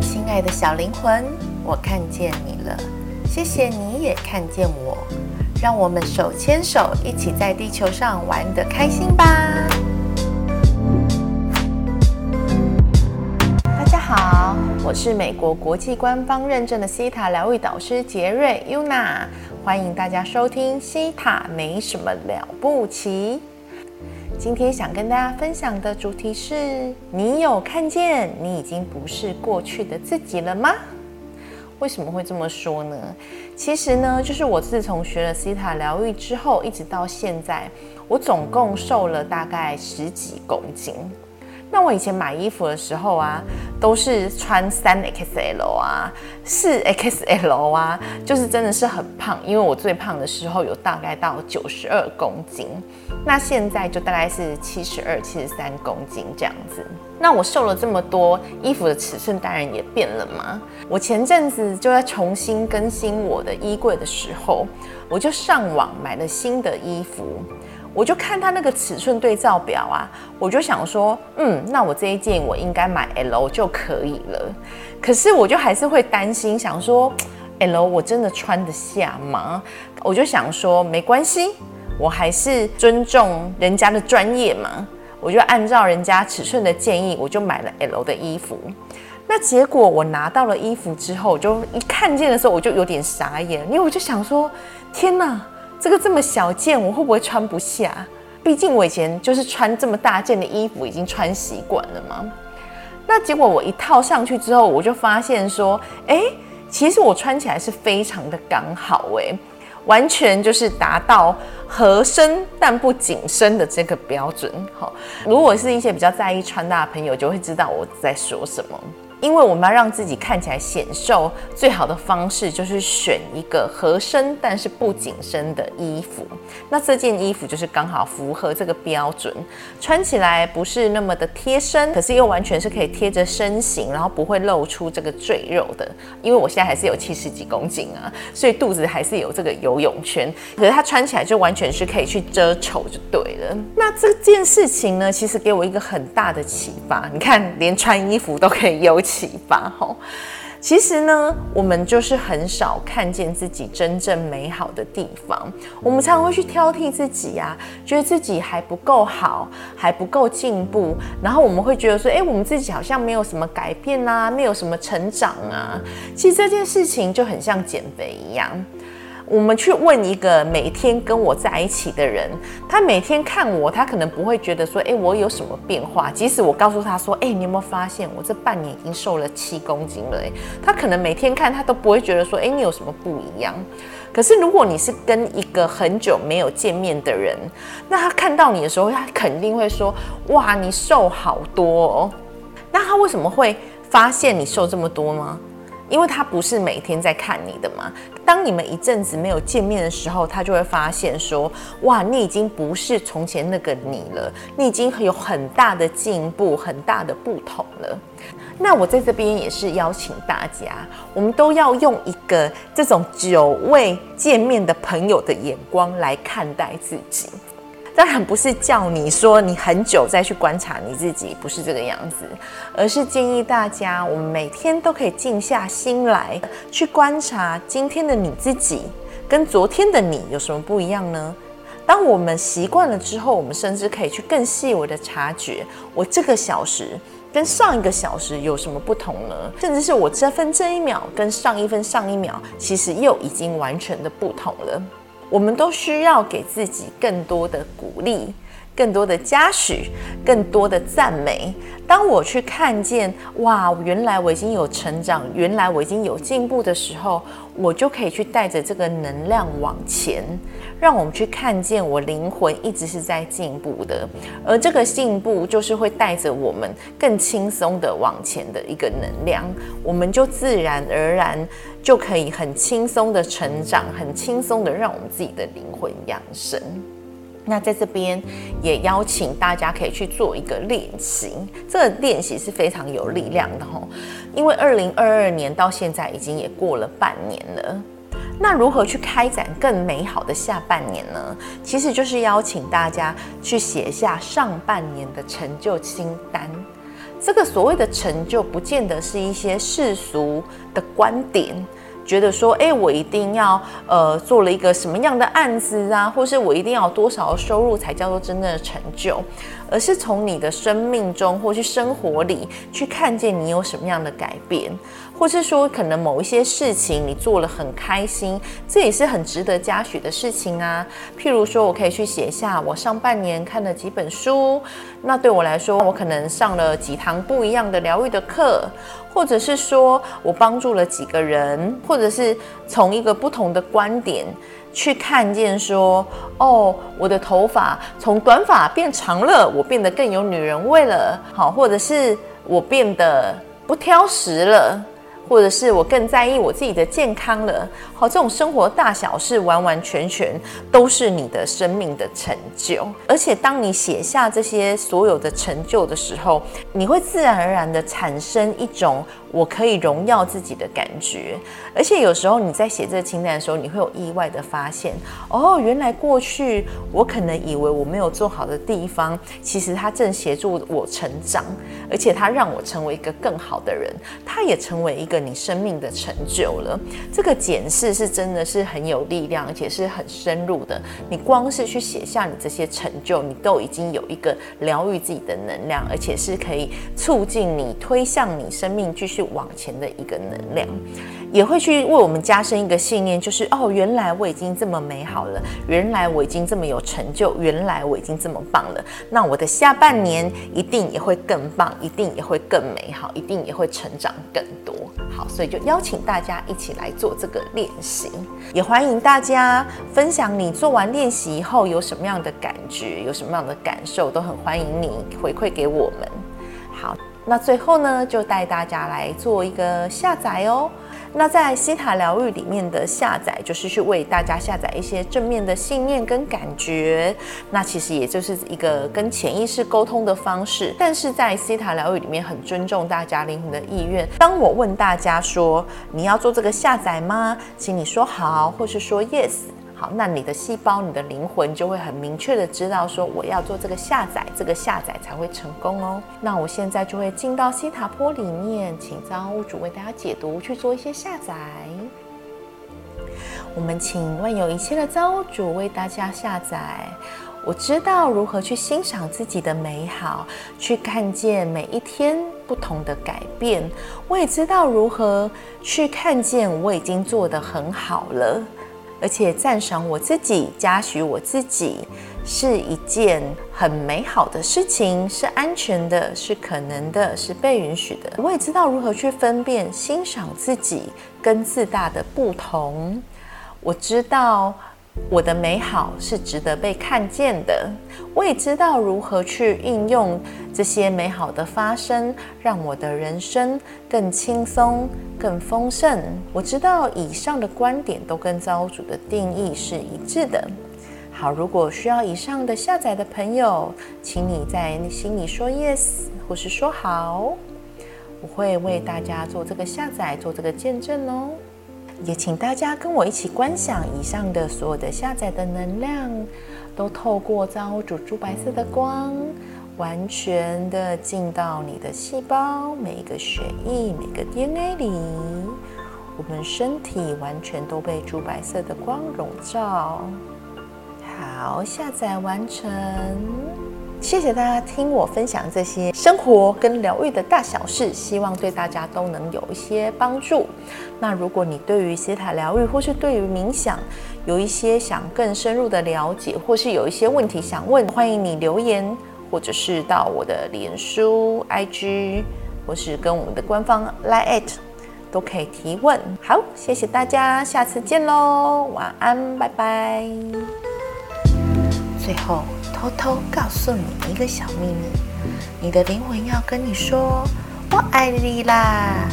親愛的小靈魂，我看見你了，謝謝你也看見我，讓我們手牽手一起在地球上玩得開心吧！大家好，我是美國國際官方認證的希塔療癒導師杰瑞·尤娜，歡迎大家收聽《希塔沒什麼了不起》。今天想跟大家分享的主題是：你有看見你已經不是過去的自己了嗎？為什麼會這麼說呢？其實呢，就是我自從學了希塔療癒之後，一直到現在，我總共瘦了大概十幾公斤。那我以前買衣服的時候啊，都是穿三 XL 啊、四 XL 啊，就是真的是很胖，因為我最胖的時候有大概到九十二公斤，那現在就大概是七十二、七十三公斤這樣子。那我瘦了這麼多，衣服的尺寸當然也變了嘛。我前陣子就在重新更新我的衣櫃的時候，我就上網買了新的衣服。我就看他那個尺寸對照表啊，我就想說，嗯，那我這一件我應該買 L 就可以了。可是我就還是會擔心，想說 L 我真的穿得下嗎？我就想說沒關係，我還是尊重人家的專業嘛。我就按照人家尺寸的建議，我就買了 L 的衣服。那結果我拿到了衣服之後，我就一看見的時候，我就有點傻眼，因為我就想說，天哪！這個這麼小件，我會不會穿不下？畢竟我以前就是穿這麼大件的衣服，已經穿習慣了嘛。那結果我一套上去之後，我就發現說，誒，其實我穿起來是非常的剛好，誒，完全就是達到合身但不緊身的這個標準。好，如果是一些比較在意穿搭的朋友，就會知道我在說什麼。因為我們要讓自己看起來顯瘦，最好的方式就是選一個合身但是不緊身的衣服。那這件衣服就是剛好符合這個標準，穿起來不是那麼的貼身，可是又完全是可以貼着身形，然後不會露出這個贅肉的。因為我現在還是有七十幾公斤啊，所以肚子還是有這個游泳圈，可是它穿起來就完全是可以去遮醜就對了。那這件事情呢，其實給我一個很大的啟發。你看，連穿衣服都可以有。啟發。其實呢，我們就是很少看見自己真正美好的地方。我們常常會去挑剔自己啊，覺得自己還不夠好，還不夠進步。然後我們會覺得說，誒，我們自己好像沒有什麼改變啊，沒有什麼成長啊。其實這件事情就很像減肥一樣。我們去問一個每天跟我在一起的人，他每天看我，他可能不會覺得說，誒，我有什麼變化。即使我告訴他說，誒，你有沒有發現我這半年已經瘦了七公斤了誒？他可能每天看，他都不會覺得說，誒，你有什麼不一樣。可是如果你是跟一個很久沒有見面的人，那他看到你的時候，他肯定會說，哇，你瘦好多哦。那他為什麼會發現你瘦這麼多嗎？因為他不是每天在看你的嘛，當你們一陣子沒有見面的時候，他就會發現說，哇，你已經不是從前那個你了，你已經有很大的進步，很大的不同了。那我在這邊也是邀請大家，我們都要用一個這種久未見面的朋友的眼光來看待自己。當然不是叫你說你很久再去觀察你自己，不是這個樣子，而是建議大家，我們每天都可以靜下心來去觀察今天的你自己跟昨天的你有什麼不一樣呢？當我們習慣了之後，我們甚至可以去更細微的察覺，我這個小時跟上一個小時有什麼不同呢？甚至是我這分這一秒跟上一分上一秒，其實又已經完全的不同了。我們都需要給自己更多的鼓勵。更多的嘉許，更多的讚美。當我去看見，哇，原來我已經有成長，原來我已經有進步的時候，我就可以去帶着這個能量往前。讓我們去看見，我靈魂一直是在進步的，而這個進步就是會帶着我們更輕鬆的往前的一個能量。我們就自然而然就可以很輕鬆的成長，很輕鬆的讓我們自己的靈魂養生。那在這邊也邀請大家可以去做一個練習，這個練習是非常有力量的吼，因為二零二二年到現在已經也過了半年了。那如何去開展更美好的下半年呢？其實就是邀請大家去寫下上半年的成就清單。這個所謂的成就，不見得是一些世俗的觀點。覺得說，哎，我一定要呃做了一個什麼樣的案子啊，或是我一定要有多少的收入才叫做真正的成就，而是從你的生命中或是生活裡去看見你有什麼樣的改變。或是說，可能某一些事情你做了很開心，這也是很值得嘉許的事情啊。譬如說，我可以去寫下我上半年看了幾本書。那對我來說，我可能上了幾堂不一樣的療癒的課，或者是說我幫助了幾個人，或者是從一個不同的觀點去看見說，哦，我的頭髮從短髮變長了，我變得更有女人味了，好，或者是我變得不挑食了。或者是我更在意我自己的健康了。好，這種生活大小事完完全全都是你的生命的成就。而且當你寫下這些所有的成就的時候，你會自然而然的產生一種我可以榮耀自己的感覺。而且有時候你在寫這個清單的時候，你會有意外的發現：哦，原來過去我可能以為我沒有做好的地方，其實它正協助我成長，而且它讓我成為一個更好的人，它也成為一個。你生命的成就了，這個檢視是真的是很有力量，而且是很深入的。你光是去寫下你這些成就，你都已經有一個療癒自己的能量，而且是可以促進你推向你生命繼續往前的一個能量。也會去為我們加深一個信念，就是哦，原來我已經這麼美好了，原來我已經這麼有成就，原來我已經這麼棒了。那我的下半年一定也會更棒，一定也會更美好，一定也會成長更多。好，所以就邀請大家一起來做這個練習，也歡迎大家分享你做完練習以後有什麼樣的感覺，有什麼樣的感受，都很歡迎你回饋給我們。好，那最後呢，就帶大家來做一個下載哦。那在希塔療癒裡面的下載，就是去為大家下載一些正面的信念跟感覺。那其實也就是一個跟潛意識溝通的方式。但是在希塔療癒裡面，很尊重大家靈魂的意願。當我問大家說你要做這個下載嗎？請你說好，或是說 yes。好，那你的細胞、你的靈魂就會很明確地知道，說我要做這個下載，這個下載才會成功哦。那我現在就會進到希塔波裡面，請造物主為大家解讀，去做一些下載。我們請萬有一切的造物主為大家下載。我知道如何去欣賞自己的美好，去看見每一天不同的改變。我也知道如何去看見我已經做得很好了。而且讚賞我自己、嘉許我自己是一件很美好的事情，是安全的，是可能的，是被允許的。我也知道如何去分辨、欣賞自己跟自大的不同。我知道。我的美好是值得被看見的，我也知道如何去運用這些美好的發生，讓我的人生更輕鬆、更豐盛。我知道以上的觀點都跟造物主的定義是一致的。好，如果需要以上的下載的朋友，請你在心裡說 yes，或是說好，我會為大家做這個下載，做這個見證哦。也請大家跟我一起觀想，以上的所有的下載的能量，都透過造物主珠白色的光，完全的進到你的細胞、每一個血液、每個 DNA 裡，我們身體完全都被珠白色的光籠罩。好，下載完成。謝謝大家聽我分享這些生活跟療癒的大小事，希望對大家都能有一些幫助。那如果你對於希塔療癒或是對於冥想有一些想更深入的了解，或是有一些問題想問，歡迎你留言，或者是到我的臉書、IG，或是跟我們的官方 line@ 都可以提問。好，謝謝大家，下次見嘍，晚安，拜拜。最後。偷偷告訴你一個小秘密，你的靈魂要跟你說“我愛你”啦。